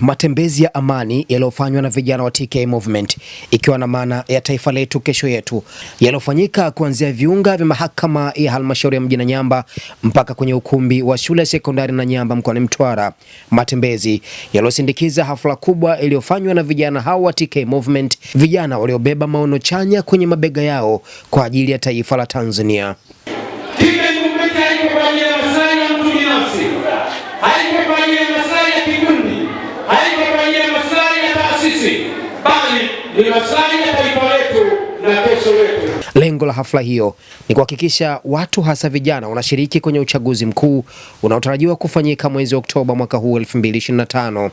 matembezi ya amani yaliyofanywa na vijana wa TK Movement ikiwa na maana ya taifa letu kesho yetu, yaliyofanyika kuanzia viunga vya mahakama ya halmashauri ya mji Nanyamba mpaka kwenye ukumbi wa shule ya sekondari Nanyamba mkoani Mtwara, matembezi yaliyosindikiza hafla kubwa iliyofanywa na vijana hao wa TK Movement, vijana waliobeba maono chanya kwenye mabega yao kwa ajili ya taifa la Tanzania. bali ni maslahi ya taifa letu na kesho yetu. Lengo la hafla hiyo ni kuhakikisha watu hasa vijana wanashiriki kwenye uchaguzi mkuu unaotarajiwa kufanyika mwezi Oktoba mwaka huu 2025.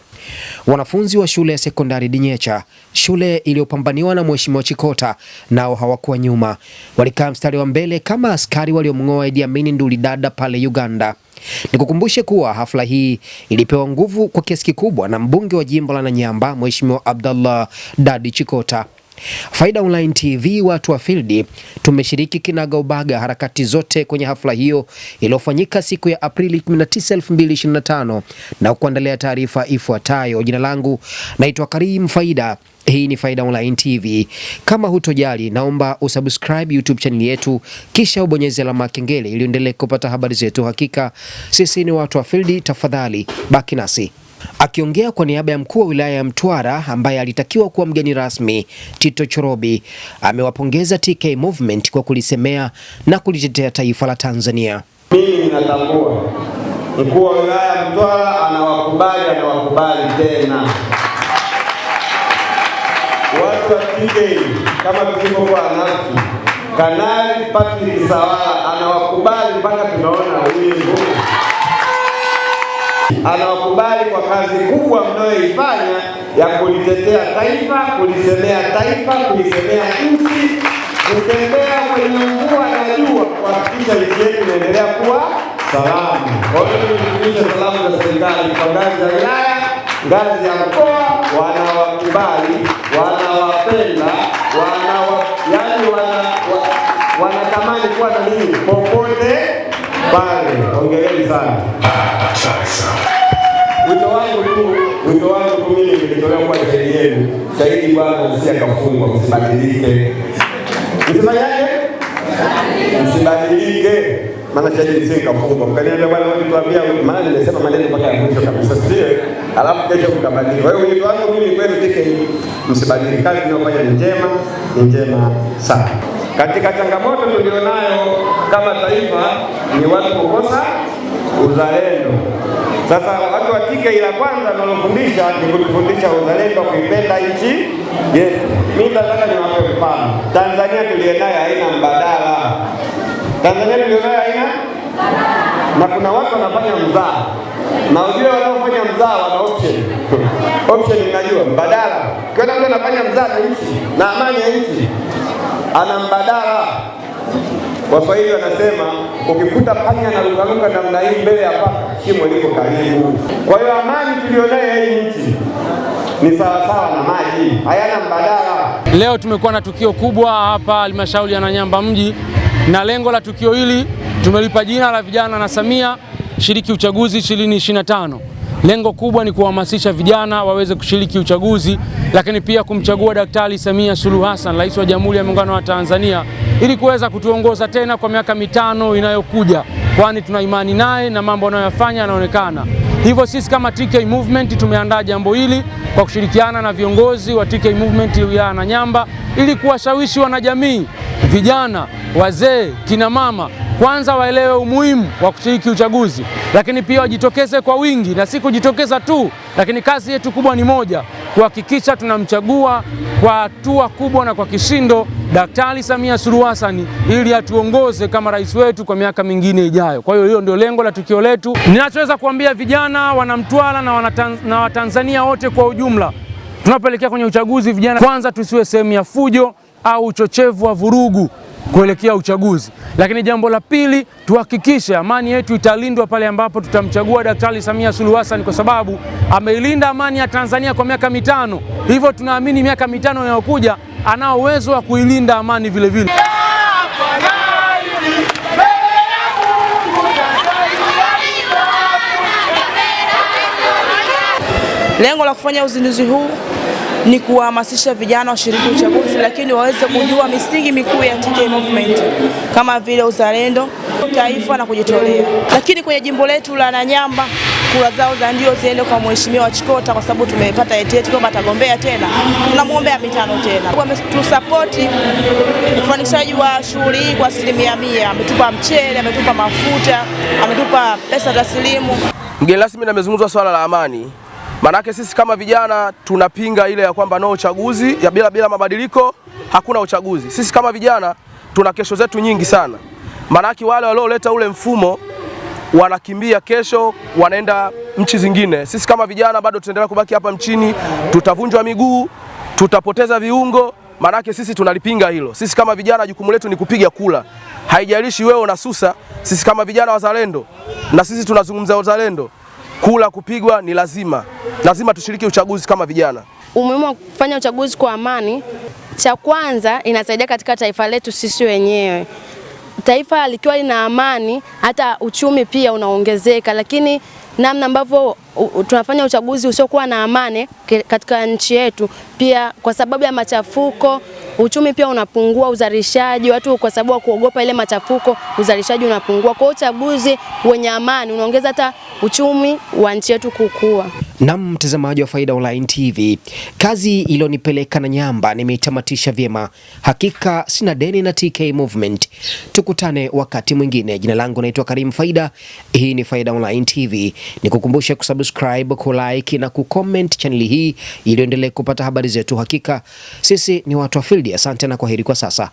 Wanafunzi wa shule ya sekondari Dinyecha, shule iliyopambaniwa na Mheshimiwa Chikota, nao hawakuwa nyuma, walikaa mstari wa mbele kama askari waliomng'oa Idi Amin Ndulidada pale Uganda. Nikukumbushe kuwa hafla hii ilipewa nguvu kwa kiasi kikubwa na mbunge wa jimbo la Nanyamba Mheshimiwa Abdallah Dadi Chikota. Faida Online TV watu wa Field tumeshiriki kinagaubaga harakati zote kwenye hafla hiyo iliyofanyika siku ya Aprili 19, 2025 na kuandalia taarifa ifuatayo. Jina langu naitwa Karim Faida. Hii ni Faida Online TV. Kama hutojali, naomba usubscribe YouTube chaneli yetu, kisha ubonyeze alama ya kengele ili uendelee kupata habari zetu. Hakika sisi ni watu wa Field, tafadhali baki nasi. Akiongea kwa niaba ya mkuu wa wilaya ya Mtwara ambaye alitakiwa kuwa mgeni rasmi, Tito Chorobi amewapongeza TK Movement kwa kulisemea na kulitetea taifa la Tanzania. Mimi ninatambua mkuu wa wilaya ya Mtwara anawakubali, anawakubali tena watu wa TK kama visivyokuwa nafsi. Kanali Patrick Sawala anawakubali mpaka tunaona wingu anawakubali kwa kazi kubwa mnayoifanya ya kulitetea taifa, kulisemea taifa, kulisemea nchi, kutembea kwenye mvua na jua kuhakikisha nchi yetu inaendelea kuwa salama. Kwa hiyo nikujulishe salamu za serikali kwa ngazi ya wilaya, ngazi ya mkoa, wanawakubali, wanawapenda, yaani wana yaani wanatamani kuwa na nini popote pale hongereni sana. Wito wangu tu, wito wangu tu mimi nilitolewa kwa ajili yenu. Saidi Bwana msi akafungwa msibadilike. Msifanye msibadilike. Maana shaji msi akafungwa. Mkaniambia bwana wewe maana nimesema maneno mpaka ya mwisho kabisa. Sio. Alafu kesho mkabadilika. Kwa hiyo wito wangu mimi kwenu tike msibadilike. Kazi mnayofanya ni njema, ni njema sana. Katika changamoto tulionayo kama taifa ni watu kukosa uzalendo. Sasa watu wa TK ila kwanza nalofundisha ni kutufundisha uzalendo, kuipenda nchi yetu. Mimi nataka niwape mfano. Tanzania tulionayo haina mbadala. Tanzania tulionayo haina na kuna watu wanafanya mzaa na ujue wanaofanya mzaa wana option. Option mnajua mbadala. Kwa nini mtu anafanya mzaa na nchi na amani ya nchi ana mbadala. Waswahili wanasema ukikuta panya anarukaruka namna hii mbele ya paka, shimo liko karibu. Kwa hiyo amani tuliyonayo hii nchi ni sawasawa na maji, hayana mbadala. Leo tumekuwa na tukio kubwa hapa halmashauri ya Nanyamba mji, na lengo la tukio hili tumelipa jina la vijana na Samia shiriki uchaguzi 2025. Lengo kubwa ni kuhamasisha vijana waweze kushiriki uchaguzi, lakini pia kumchagua Daktari Samia Suluhu Hassan, rais wa Jamhuri ya Muungano wa Tanzania, ili kuweza kutuongoza tena kwa miaka mitano inayokuja, kwani tuna imani naye na mambo anayoyafanya yanaonekana. Hivyo sisi kama TK Movement tumeandaa jambo hili kwa kushirikiana na viongozi wa TK Movement wilaya ya Nanyamba ili kuwashawishi wanajamii, vijana, wazee, kina mama kwanza waelewe umuhimu wa kushiriki uchaguzi, lakini pia wajitokeze kwa wingi, na si kujitokeza tu, lakini kazi yetu kubwa ni moja, kuhakikisha tunamchagua kwa hatua kubwa na kwa kishindo Daktari Samia Suluhu Hassan ili atuongoze kama rais wetu kwa miaka mingine ijayo. Kwa hiyo hiyo ndio lengo la tukio letu. Ninachoweza kuambia vijana wanamtwala na Watanzania wote kwa ujumla, tunapoelekea kwenye uchaguzi, vijana kwanza tusiwe sehemu ya fujo au uchochevu wa vurugu kuelekea uchaguzi. Lakini jambo la pili, tuhakikishe amani yetu italindwa pale ambapo tutamchagua Daktari Samia Suluhu Hassan, kwa sababu ameilinda amani ya Tanzania kwa miaka mitano. Hivyo tunaamini miaka mitano inayokuja anao uwezo wa kuilinda amani vile vile. Lengo la kufanya uzinduzi huu ni kuwahamasisha vijana washiriki uchaguzi, lakini waweze kujua misingi mikuu ya TJ Movement kama vile uzalendo, taifa na kujitolea. Lakini kwenye jimbo letu la Nanyamba kura zao za ndio ziende kwa mheshimiwa Chikota kwa sababu tumepata eti kwamba atagombea tena, tunamwombea mitano tena. Wametusapoti ufanikishaji wa shughuli hii kwa asilimia mia. Ametupa mchele, ametupa mafuta, ametupa pesa taslimu. Mgeni rasmi amezungumzwa swala la amani. Maanake sisi kama vijana tunapinga ile ya kwamba no uchaguzi ya bila, bila mabadiliko hakuna uchaguzi. Sisi kama vijana tuna kesho zetu nyingi sana, maanake wale walioleta ule mfumo wanakimbia kesho, wanaenda nchi zingine. Sisi kama vijana bado tutaendelea kubaki hapa mchini, tutavunjwa miguu, tutapoteza viungo, maanake sisi tunalipinga hilo. Sisi kama vijana jukumu letu ni kupiga kula, haijalishi wewe unasusa. Sisi kama vijana wazalendo, na sisi tunazungumza uzalendo kula kupigwa ni lazima, lazima tushiriki uchaguzi kama vijana. Umuhimu wa kufanya uchaguzi kwa amani, cha kwanza inasaidia katika taifa letu sisi wenyewe. Taifa likiwa lina amani, hata uchumi pia unaongezeka, lakini namna ambavyo tunafanya uchaguzi usiokuwa na amani katika nchi yetu, pia kwa sababu ya machafuko uchumi pia unapungua, uzalishaji watu, kwa sababu wa kuogopa ile machafuko, uzalishaji unapungua. Kwa hiyo uchaguzi wenye amani unaongeza hata uchumi wa nchi yetu kukua. Na mtazamaji wa Faida Online TV, kazi iliyonipeleka na nyamba nimeitamatisha vyema. Hakika sina deni na TK Movement. Tukutane wakati mwingine. Jina langu naitwa Karim Faida. Hii ni Faida Online TV. Nikukumbusha kusubscribe, kulike na kucomment chaneli hii ili kupata habari zetu. Hakika sisi ni watu wa field. Asante na kwaheri kwa sasa.